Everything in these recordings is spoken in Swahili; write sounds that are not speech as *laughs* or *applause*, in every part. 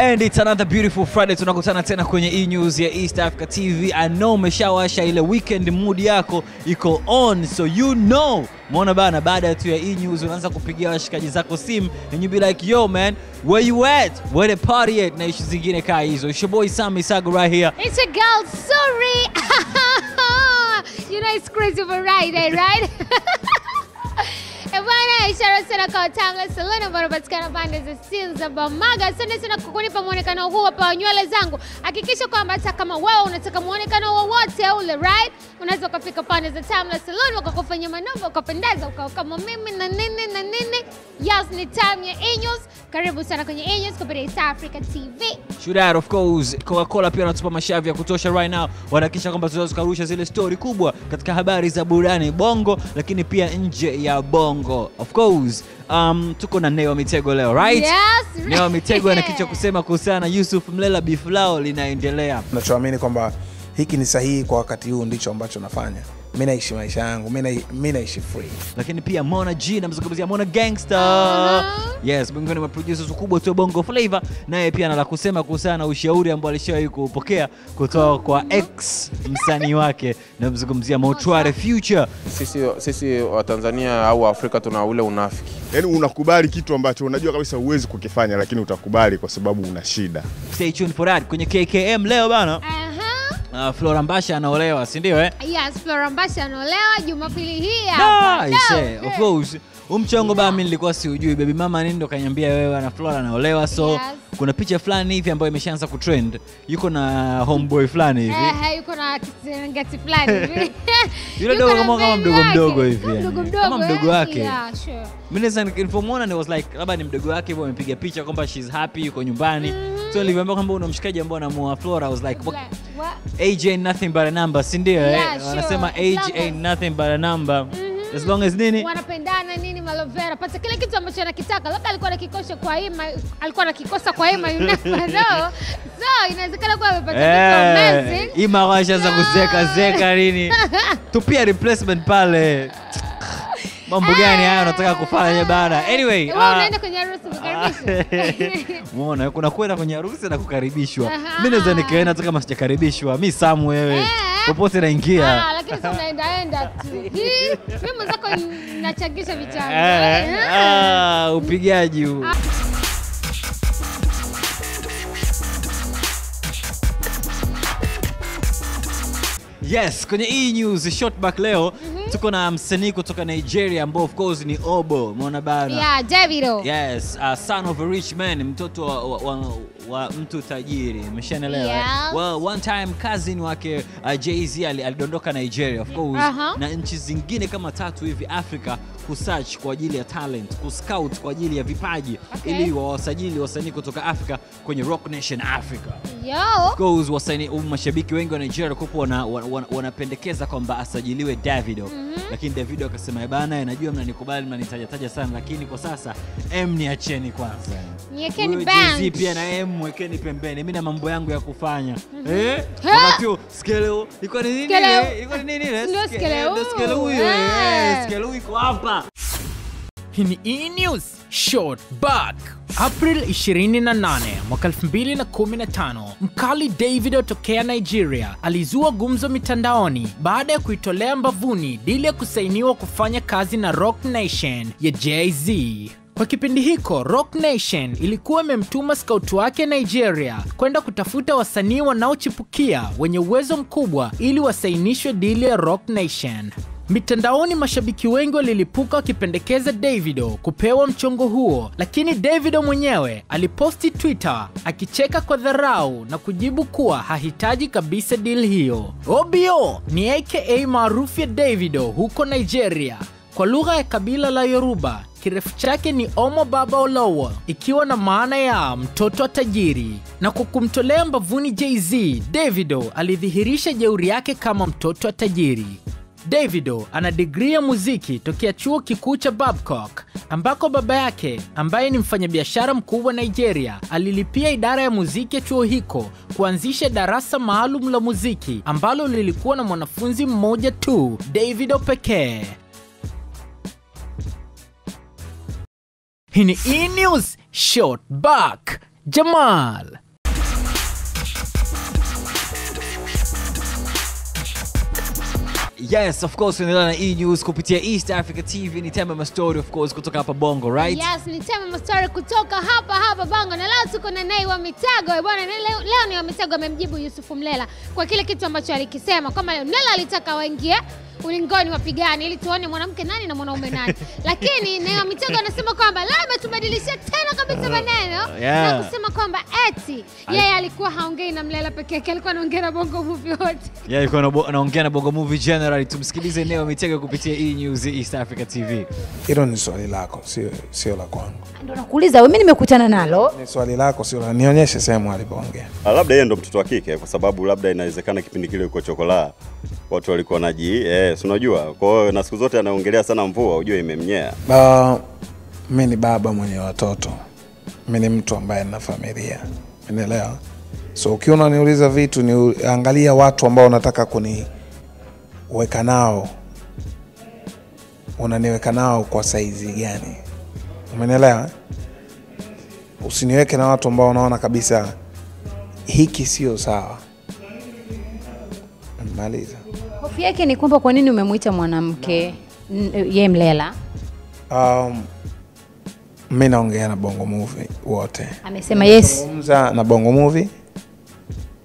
and it's another beautiful Friday. Tunakutana tena kwenye e news ya East Africa TV. I know umeshawasha ile weekend mood yako iko on, so you know Mwana bana, baada ya tu ya e news unaanza kupigia washikaji zako simu and you be like yo man where you at where the party at na ishu zingine kaa hizo. It's your boy Sami Sago right here. It's a girl, sorry *laughs* you know it's crazy for Friday, right? Eh, *laughs* kwa Tanga saloni ambayo inapatikana pande za Silzabamaga. Asante sana kwa kunipa mwonekano huu hapa wa nywele zangu. Hakikisha kwamba hata kama wewe unataka mwonekano wowote ule right, unaweza ukafika pande za Tamla saloni wakakufanyia manuva ukapendeza ukawa kama mimi na nini na nini. Yes, ni time ya a Karibu sana kwenye A-News kupitia East Africa TV. Shudar, of course, Coca-Cola pia wanatupa mashavi ya kutosha right now. Wanahakikisha kwamba tunaweza tukarusha zile story kubwa katika habari za burudani Bongo, lakini pia nje ya Bongo. Of course, um, tuko na Neo Mitego leo right? Yes, Neo Mitego ana kichwa *laughs* kusema kuhusiana na Yusuf Mlela bifu linaendelea. Tunachoamini kwamba hiki ni sahihi kwa wakati huu ndicho ambacho nafanya mi naishi maisha yangu, mi naishi free. Lakini pia Mona G namzungumzia Mona Gangster. Uh -huh. Yes, miongoni mwa producers kubwa tu Bongo Flava, naye pia anala kusema kuhusiana na ushauri ambao alishawahi kupokea kutoka kwa x msanii wake, namzungumzia Motware Future. Sisi sisi Watanzania au waafrika tuna ule unafiki, yaani unakubali kitu ambacho unajua kabisa huwezi kukifanya, lakini utakubali kwa sababu una shida. Stay tuned for that kwenye KKM leo bana. Eh. Uh, Flora Mbasha anaolewa si ndio eh? Yes, Flora Mbasha anaolewa Jumapili hii hapa. No, eh, of eh. course. Umchongo yeah. Bami nilikuwa siujui. Baby mama nini ndo kanyambia wewe na Flora anaolewa so yes kuna picha fulani hivi ambayo imeshaanza kutrend, yuko na homeboy fulani hivi eh, eh yuko na kitengati fulani hivi *laughs* yule dogo kama kama mdogo mdogo hivi eh, kama mdogo wake. Mimi naweza nilipomwona ni was like labda ni mdogo wake hivyo amepiga picha kwamba she's happy yuko nyumbani. So mm-hmm. nilivyoambia kwamba una mshikaji ambaye anamuoa Flora, I was like what? age ain't nothing but a number, si ndio? Eh, wanasema age ain't nothing but a number mm-hmm. as long as nini wanapenda na nini malovera pata kile kitu ambacho anakitaka, labda alikuwa anakikosha kwa Ima, alikuwa anakikosa kwa Ima *laughs* know. So inawezekana kuwa amepata kitu eh, amazing. Ima washaanza no. kuzeka zeka nini, *laughs* tupia replacement pale mambo gani haya unataka kufanya bana? Anyway, ah. unaenda kwenye harusi kukaribishwa. Muona *laughs* kuna kwenda kwenye harusi na kukaribishwa. Mimi naweza nikaenda hata kama sijakaribishwa. Mimi Sam wewe. Yeah. Eh? popote naingia, ah, lakini sasa tu mimi eh, eh. ah, upigaji huu. Ah. Yes, kwenye e-news shortback leo mm tuko na msanii kutoka Nigeria ambao of course ni Obo, umeona bana? Yeah, Davido. Yes, uh, son of a rich man, mtoto wa, wa, wa, wa mtu tajiri, umeshaelewa? Yeah. Well, one time cousin wake uh, Jay-Z alidondoka Nigeria of course, uh -huh. na nchi zingine kama tatu hivi Afrika kusearch kwa ajili ya talent, kuscout kwa ajili ya vipaji okay. ili wawasajili wasanii kutoka Afrika kwenye Rock Nation Africa. Yo. Of course wasanii um, mashabiki wengi wa Nigeria wanapendekeza wana, wana, wanapendekeza kwamba asajiliwe Davido. Mm -hmm. Lakini Davido akasema bana, najua mnanikubali mnanitaja taja sana, lakini kwa sasa em niacheni kwanza pia na yeye mwekeni pembeni, mimi na mambo yangu ya kufanya. Mhm. Eh? Wakati skeleo ilikuwa ni nini? Ilikuwa ni nini Ndio skeleo. Ndio skeleo huyo. Eh, skeleo iko hapa. Hii ni E! News Short Back. April 28 mwaka 2015, mkali david otokea Nigeria alizua gumzo mitandaoni baada ya kuitolea mbavuni dili ya kusainiwa kufanya kazi na rock Nation ya Jay-Z. Kwa kipindi hiko Roc Nation ilikuwa imemtuma scout wake Nigeria kwenda kutafuta wasanii wanaochipukia wenye uwezo mkubwa ili wasainishwe dili ya Roc Nation. Mitandaoni mashabiki wengi walilipuka wakipendekeza Davido kupewa mchongo huo, lakini Davido mwenyewe aliposti Twitter akicheka kwa dharau na kujibu kuwa hahitaji kabisa deal hiyo. Obio ni aka maarufu ya Davido huko Nigeria kwa lugha ya kabila la Yoruba Kirefu chake ni Omo Baba Olowo, ikiwa na maana ya mtoto wa tajiri, na kwa kumtolea mbavuni Jay-Z, Davido alidhihirisha jeuri yake kama mtoto wa tajiri. Davido ana digrii ya muziki tokea chuo kikuu cha Babcock ambako baba yake ambaye ni mfanyabiashara mkubwa Nigeria alilipia idara ya muziki ya chuo hiko kuanzisha darasa maalum la muziki ambalo lilikuwa na mwanafunzi mmoja tu, Davido pekee. Hii ni E News Short Back. Jamal Yes, of course unaendelea na E News kupitia East Africa TV. Ni Tema Mastori of course kutoka hapa Bongo, right? Yes, ni Tema Mastori kutoka hapa hapa Bongo. Na leo tuko na Nay wa Mitago. Eh, bwana, leo, ni wa Mitago amemjibu Yusufu Mlela kwa kile kitu ambacho alikisema kwamba Mlela alitaka waingie ulingoni wapigani ili tuone mwanamke nani na mwanaume nani *laughs* lakini Neema Mitego anasema kwamba leo ametubadilishia tena kabisa ah, maneno uh, yeah. na kusema kwamba eti yeye yeah, alikuwa haongei na Mlela peke yake, alikuwa anaongea na Bongo Movie wote yeah, alikuwa anaongea na Bongo Movie generally. Tumsikilize Neema Mitego kupitia E News East Africa TV. Hilo ni swali lako, sio sio la kwangu. Ndio nakuuliza wewe, mimi nimekutana nalo. Ni swali lako, sio la nionyeshe sehemu alipoongea. Ah, labda yeye ndo mtoto wa kike, kwa sababu labda inawezekana kipindi kile uko chokola watu walikuwa naji eh, yes, eh, unajua. Kwa hiyo na siku zote anaongelea sana mvua, ujue imemnyea. Uh, mimi ni baba mwenye watoto, mimi ni mtu ambaye nina familia, umeelewa? So ukiwa unaniuliza vitu ni angalia watu ambao unataka kuniweka nao, unaniweka nao kwa saizi gani? Umenielewa? Usiniweke na watu ambao unaona kabisa hiki sio sawa. maliza Hofu yake ni kwamba kwa nini umemwita mwanamke ye Mlela? Um, mi naongea na Bongo Movie wote, amesema yes, zungumza na Bongo Movie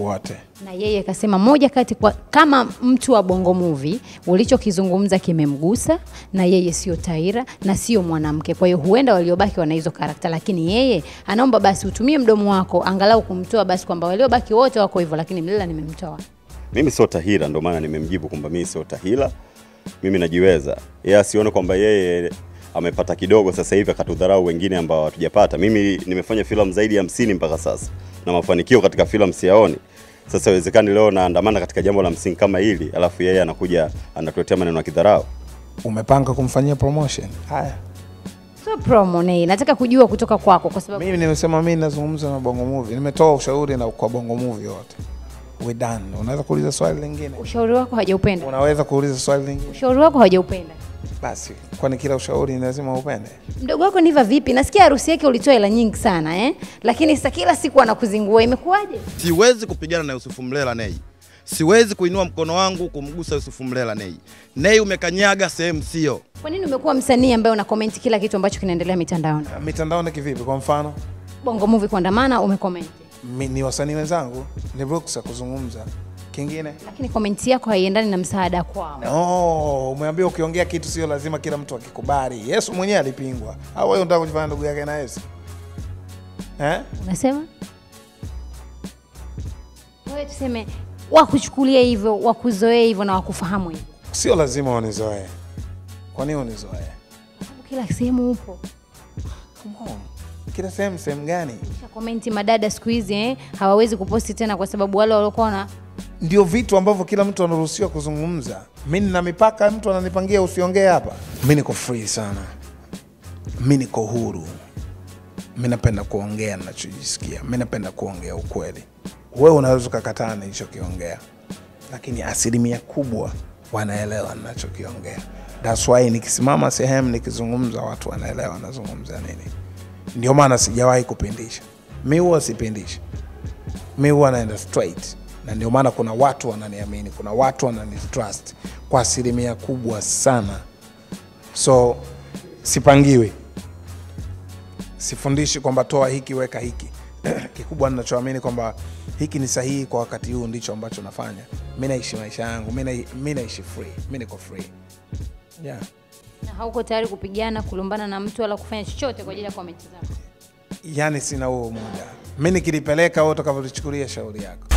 wote na yeye akasema moja kati kwa, kama mtu wa Bongo Movie ulichokizungumza kimemgusa, na yeye sio Taira na sio mwanamke, kwa hiyo huenda waliobaki wana hizo karakta, lakini yeye anaomba basi utumie mdomo wako angalau kumtoa basi, kwamba waliobaki wote wako hivyo, lakini Mlela nimemtoa. Mimi sio tahira, ndio maana nimemjibu kwamba mimi sio tahira, mimi najiweza. Yeye asione kwamba yeye amepata kidogo sasa hivi akatudharau wengine ambao hatujapata. Mimi nimefanya filamu zaidi ya hamsini mpaka sasa na mafanikio katika filamu siyaoni. Sasa iwezekani leo naandamana katika jambo la msingi kama hili, alafu yeye anakuja anatuletea maneno ya kidharau. Umepanga kumfanyia promotion? Haya, So promo nei, nataka kujua kutoka kwako, kwa sababu mimi nimesema mimi nazungumza na Bongo Movie, nimetoa ushauri na kwa Bongo Movie wote we're done. Unaweza kuuliza swali lingine? Ushauri wako hajaupenda. Unaweza kuuliza swali lingine? Ushauri wako hajaupenda. Basi, kwani kila ushauri ni lazima upende? Mdogo wako Niva vipi? Nasikia harusi yake ulitoa hela nyingi sana eh? Lakini sasa kila siku anakuzingua, imekuwaje? Siwezi kupigana na Yusufu Mlela Nei. Siwezi kuinua mkono wangu kumgusa Yusufu Mlela Nei. Nei umekanyaga sehemu sio. Kwa nini umekuwa msanii ambaye una comment kila kitu ambacho kinaendelea mitandaoni? Mitandaoni kivipi? Kwa mfano, Bongo Movie kuandamana umecomment ni wasanii wenzangu, ni ruksa kuzungumza kingine. Lakini komenti yako haiendani na msaada kwao. No, umeambia ukiongea kitu sio lazima kila mtu akikubali. Yesu mwenyewe alipingwa, au wewe unataka kujifanya ndugu yake na Yesu eh? Unasema wewe, tuseme wakuchukulia hivyo, wakuzoee hivyo na wakufahamu hivyo. Sio lazima wanizoee. Kwa nini unizoee? Kila sehemu upo. Come on kila sehemu. Sehemu gani? Komenti madada siku hizi eh, hawawezi kuposti tena kwa sababu wale waliokuwa na ndio vitu ambavyo kila mtu anaruhusiwa kuzungumza. Mi nina mipaka, mtu ananipangia usiongee hapa. Mi niko free sana, mi niko huru, mi napenda kuongea nachojisikia, mi napenda kuongea ukweli. Wewe unaweza ukakataa nilichokiongea, lakini asilimia kubwa wanaelewa ninachokiongea. That's why nikisimama sehemu nikizungumza, watu wanaelewa nazungumza nini. Ndio maana sijawahi kupindisha Mi huwa sipindishi mi huwa naenda straight, na ndio maana kuna watu wananiamini, kuna watu wananitrust kwa asilimia kubwa sana, so sipangiwi, sifundishi kwamba toa hiki weka hiki *clears throat* kikubwa ninachoamini kwamba hiki ni sahihi kwa wakati huu ndicho ambacho nafanya. Mi naishi maisha yangu, mi naishi free, mi niko free yeah na hauko tayari kupigana, kulumbana na mtu wala kufanya chochote kwa ajili ya kuwa umetizama? yani sina huo muda. mi nikilipeleka wewe utakavyochukulia shauri yako.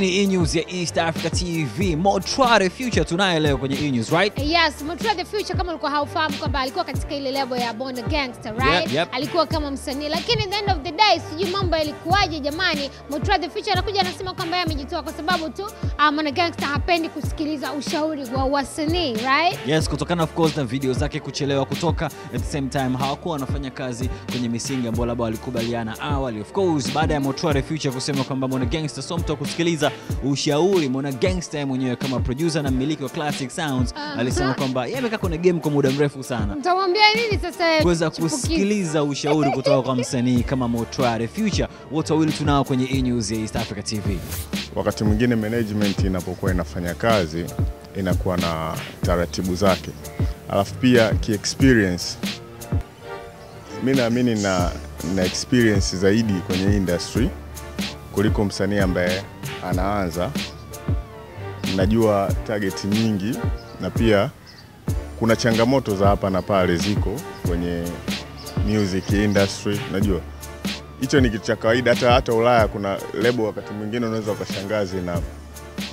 Ni e news ya East Africa TV. Motra the Future tunaye leo kwenye e news, right? Yes, Motra the Future kama ulikuwa haufahamu kwamba alikuwa katika ile level ya Bone Gangster, right? Yep, yep. Alikuwa kama msanii lakini the end of the day sijui mambo yalikuwaje jamani. Motra the Future anakuja anasema kwamba yeye amejitoa kwa sababu tu uh, ah, Born Gangster hapendi kusikiliza ushauri wa wasanii, right? Yes, kutokana of course na video zake kuchelewa kutoka, at the same time hawakuwa wanafanya kazi kwenye misingi ambayo labda walikubaliana awali. Of course baada ya Motra the Future kusema kwamba Bone Gangster sio mtu kusikiliza kusikiliza ushauri. Mwana gangster mwenyewe kama producer na mmiliki wa Classic Sounds ah, alisema kwamba yeye amekaa kwenye game kwa muda mrefu sana. Mtamwambia nini sasa? Eh, Kuweza kusikiliza ushauri kutoka kwa msanii kama Motware Future, wote wawili tunao kwenye E News ya East Africa TV. Wakati mwingine management inapokuwa inafanya kazi inakuwa na taratibu zake, alafu pia ki experience mi naamini na, na experience zaidi kwenye industry kuliko msanii ambaye anaanza. Najua target nyingi na pia kuna changamoto za hapa na pale ziko kwenye music industry, najua hicho ni kitu cha kawaida. Hata hata Ulaya kuna lebo wakati mwingine unaweza ukashangaa zina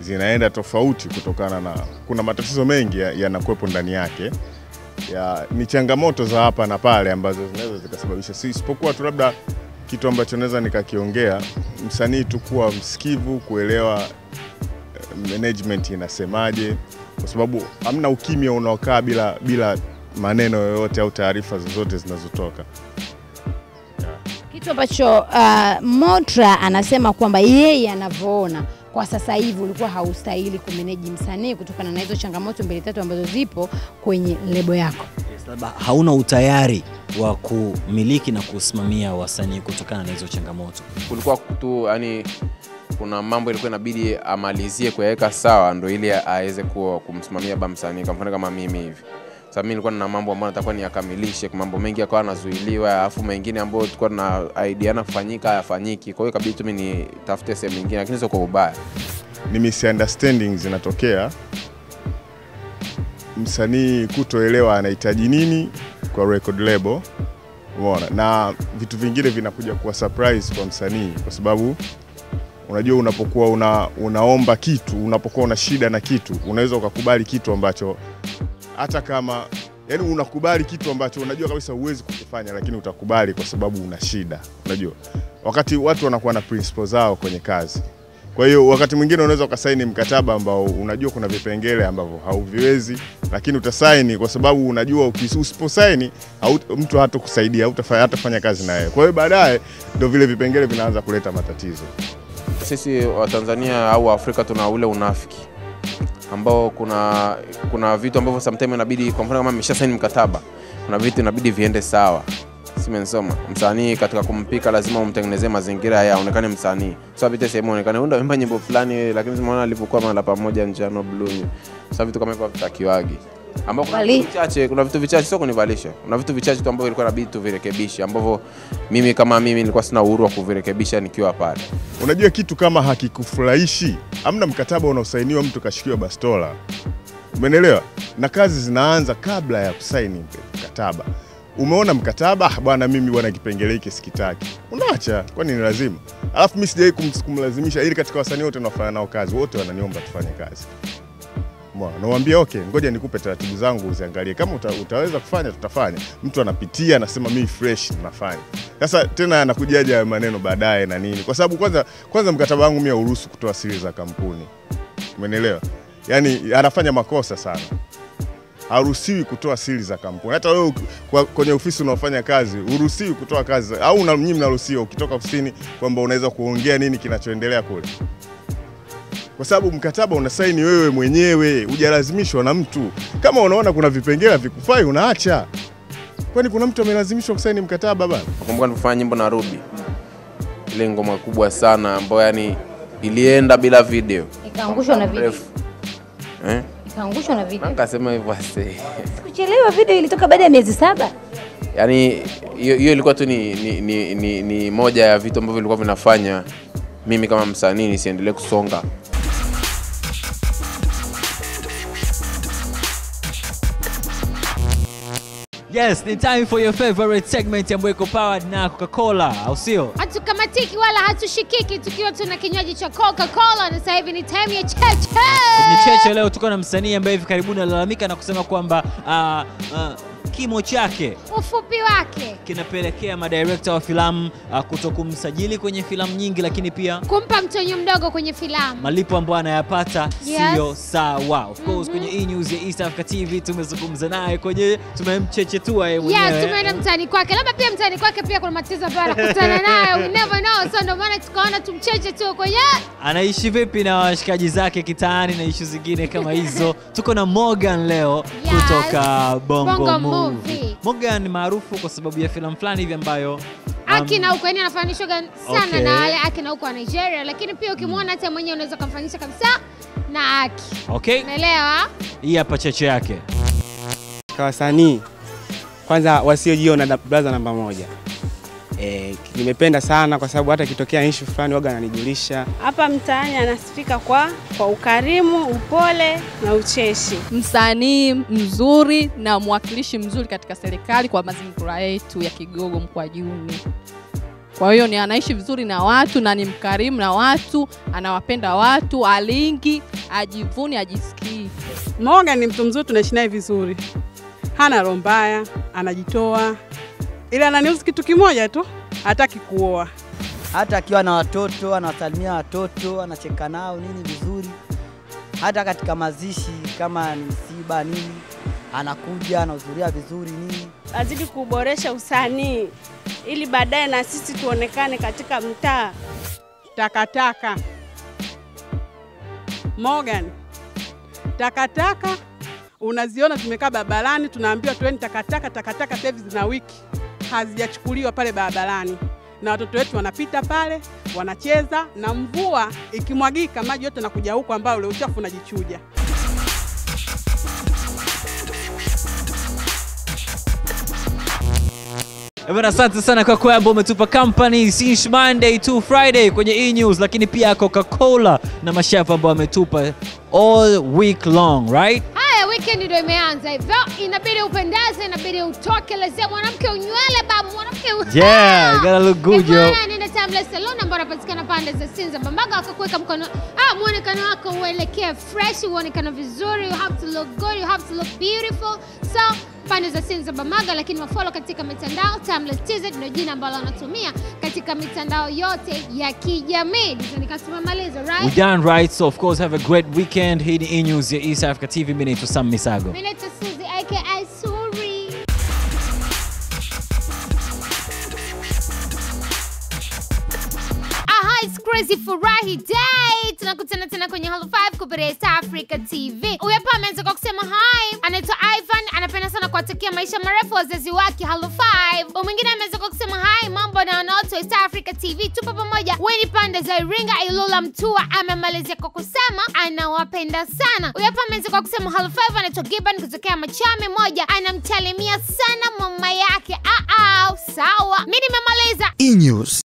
zinaenda tofauti kutokana na kuna matatizo mengi yanakuwepo ya ndani yake ya, ni changamoto za hapa na pale ambazo zinaweza zikasababisha si isipokuwa tu labda kitu ambacho naweza nikakiongea, msanii tu kuwa msikivu, kuelewa eh, management inasemaje, kwa sababu hamna ukimya unaokaa bila, bila maneno yoyote au taarifa zozote zinazotoka kitu ambacho uh, Motra anasema kwamba yeye anavyoona kwa sasa hivi ulikuwa haustahili kumeneji msanii kutokana na hizo changamoto mbili tatu ambazo zipo kwenye lebo yako hauna utayari wa kumiliki na kusimamia wasanii kutokana na hizo changamoto? Kulikuwa tu yani, kuna mambo ilikuwa inabidi amalizie kuyaweka sawa ndo ili aweze kuwa kumsimamia ba msanii, kwa mfano kama mimi hivi sasa mimi nilikuwa nina mambo ambayo natakuwa niyakamilishe, mambo mengi yakawa yanazuiliwa, alafu mengine ambayo tulikuwa na na kufanyika hayafanyiki. Kwa hiyo kabidi tu mimi nitafute sehemu nyingine, lakini sio kwa ubaya. Ni misunderstanding zinatokea msanii kutoelewa anahitaji nini kwa record label, umeona, na vitu vingine vinakuja kuwa surprise kwa msanii, kwa sababu unajua unapokuwa una, unaomba kitu, unapokuwa una shida na kitu, unaweza ukakubali kitu ambacho hata kama yani unakubali kitu ambacho unajua kabisa huwezi kukifanya, lakini utakubali kwa sababu una shida, unajua wakati watu wanakuwa na principle zao kwenye kazi kwa hiyo wakati mwingine unaweza ukasaini mkataba ambao unajua kuna vipengele ambavyo hauviwezi, lakini utasaini kwa sababu unajua usiposaini mtu hatakusaidia, hatafanya kazi naye. Kwa hiyo baadaye ndio vile vipengele vinaanza kuleta matatizo. Sisi Watanzania au Waafrika tuna ule unafiki ambao kuna, kuna vitu ambavyo sometimes inabidi, kwa mfano kama ameshasaini mkataba, kuna vitu inabidi viende sawa simenisoma msanii katika kumpika lazima umtengenezee mazingira ya aonekane msanii so apite sehemu aonekane huyu ndo ameimba nyimbo fulani lakini simaona alivyokuwa mahala pamoja njano blue. sa vitu kama hivyo havitakiwagi ambao kuna vitu vichache kuna vitu vichache sio kunivalisha kuna vitu vichache tu ambavyo ilikuwa inabidi tuvirekebishe ambavyo mimi kama mimi nilikuwa sina uhuru wa kuvirekebisha nikiwa pale unajua kitu kama hakikufurahishi amna mkataba unaosainiwa mtu kashikiwa bastola Umeelewa? na kazi zinaanza kabla ya kusaini mkataba umeona mkataba bwana, mimi bwana kipengele hiki sikitaki, unaacha. Kwani ni lazima? Alafu mimi sijai kumlazimisha, ili katika wasanii wote nafanya nao kazi, wote wananiomba tufanye kazi Mwana, okay, ngoja nikupe taratibu zangu uziangalie, kama uta, utaweza kufanya tutafanya. Mtu anapitia anasema mimi fresh nafanya. Sasa tena anakujaja maneno baadaye na nini, kwa sababu kwanza kwanza mkataba wangu mimi hauruhusu kutoa siri za kampuni, umenielewa? yani anafanya makosa sana haruhusiwi kutoa siri za kampuni. Hata wewe kwenye ofisi unaofanya kazi uruhusiwi kutoa kazi au nyinyi mnaruhusiwa ukitoka ofisini kwamba unaweza kuongea nini kinachoendelea kule, kwa sababu mkataba unasaini wewe mwenyewe, hujalazimishwa na mtu. Kama unaona kuna vipengele vikufai unaacha. Kwani kuna mtu amelazimishwa kusaini mkataba bana? Nakumbuka nilifanya nyimbo na Ruby, ile ngoma kubwa sana ambayo yani ilienda bila video, ikaangushwa na video eh? Nikaangushwa na video. Nikasema hivyo ase. Kuchelewa video ilitoka baada ya miezi saba. Yaani hiyo ilikuwa tu ni, ni, ni, ni, ni moja ya vitu ambavyo vilikuwa vinafanya mimi kama msanii nisiendelee kusonga. Yes, ni time for your favorite segment ambayo iko powered na Coca-Cola, au sio? Hatukamatiki wala hatushikiki tukiwa tuna kinywaji cha Coca-Cola na sasa hivi ni time ya cheche. Ni cheche leo tuko na msanii ambaye hivi karibuni alilalamika na kusema kwamba uh, uh, kimo chake, ufupi wake kinapelekea madirekta wa filamu uh, kutokumsajili kwenye filamu nyingi, lakini pia kumpa mtonyo mdogo kwenye filamu. Malipo ambayo anayapata yes, siyo sawa. Of course, mm -hmm. Kwenye hii news ya East Africa TV tumezungumza naye kwenye, tumemchechetua yeye mwenyewe, yes, tumeenda mtani kwake, labda pia mtani kwake pia kuna matatizo ambayo anakutana *laughs* nayo, we never know, so ndio maana tukaona tumcheche tu kwenye anaishi vipi na washikaji zake kitaani na ishu zingine kama hizo. *laughs* Tuko na Morgan leo yes, kutoka Bongo, Bongo movie. Morgan maarufu kwa sababu ya filamu fulani hivi ambayo um, Aki na huko yani anafananishwa sana okay. na wale Aki na huko wa Nigeria, lakini pia ukimwona hata mwenyewe unaweza kumfananisha kabisa na Aki. Okay. Unaelewa? Hii hapa cheche yake. Kwa wasanii kwanza wasiojiona, brother namba moja. E, nimependa sana kwa sababu hata kitokea issue fulani waga ananijulisha. Hapa mtaani anasifika kwa, kwa ukarimu, upole na ucheshi. Msanii mzuri na mwakilishi mzuri katika serikali kwa mazingira yetu ya Kigogo Mkwajuni. Kwa hiyo ni anaishi vizuri na watu na ni mkarimu na watu, anawapenda watu, alingi, ajivuni, ajisikii. Morgan ni mtu mzuri, tunaishi naye vizuri, hana roho mbaya, anajitoa ili ananiuzi kitu kimoja tu, hataki kuoa. Hata akiwa na watoto anawasalimia watoto, anacheka nao nini vizuri. Hata katika mazishi kama ni msiba nini, anakuja anahudhuria vizuri nini. Azidi kuboresha usanii ili baadaye na sisi tuonekane katika mtaa. Takataka Morgan, takataka unaziona zimekaa babalani, tunaambiwa tueni takataka. Takataka sasa hivi zina wiki hazijachukuliwa pale barabarani, na watoto wetu wanapita pale wanacheza, na mvua ikimwagika maji yote nakuja huko, ambayo ule uchafu unajichuja. Eh, asante sana kwa kwamba umetupa company since Monday to Friday kwenye E News, lakini pia Coca-Cola na mashafu ambao ametupa all week long, right? Weekend ndio imeanza hivyo, inabidi upendaze, inabidi utoke lazia mwanamke unywele babu, mwanamke yeah, you gotta look good yo. Bwana nenda Salon ambayo inapatikana pande za Sinza Mbambaga, wakakuweka mkono ah, muonekano wako uelekee fresh, uonekano vizuri, you have to look good, you have to look beautiful so pande za simu za Bamaga, lakini wafollow katika mitandao Timeless TZ ndio jina ambalo wanatumia katika mitandao yote ya kijamii. Nikasema right? We done right, so of course have a great weekend. Hii ni e-news ya East Africa TV. Mimi naitwa Sam Misago. Mimi naitwa Suzy aka zifurahi day. Tunakutana tena kwenye Halo 5 kupitia Africa TV. Huyu hapa kwa kusema hi, anaitwa Ivan, anapenda sana kuwatakia maisha marefu wazazi wake Halo 5. Huyu mwingine kwa kusema hi, mambo na wanaoto East Africa TV, tupo pamoja. Weni pande za Iringa, Ilula, Mtua. Amemalizia kwa kusema anawapenda sana. Huyu hapa kwa kusema Halo 5, anaitwa Giban kutokea Machame moja, anamchalimia sana mama yake. Ah, sawa. Mimi nimemaliza e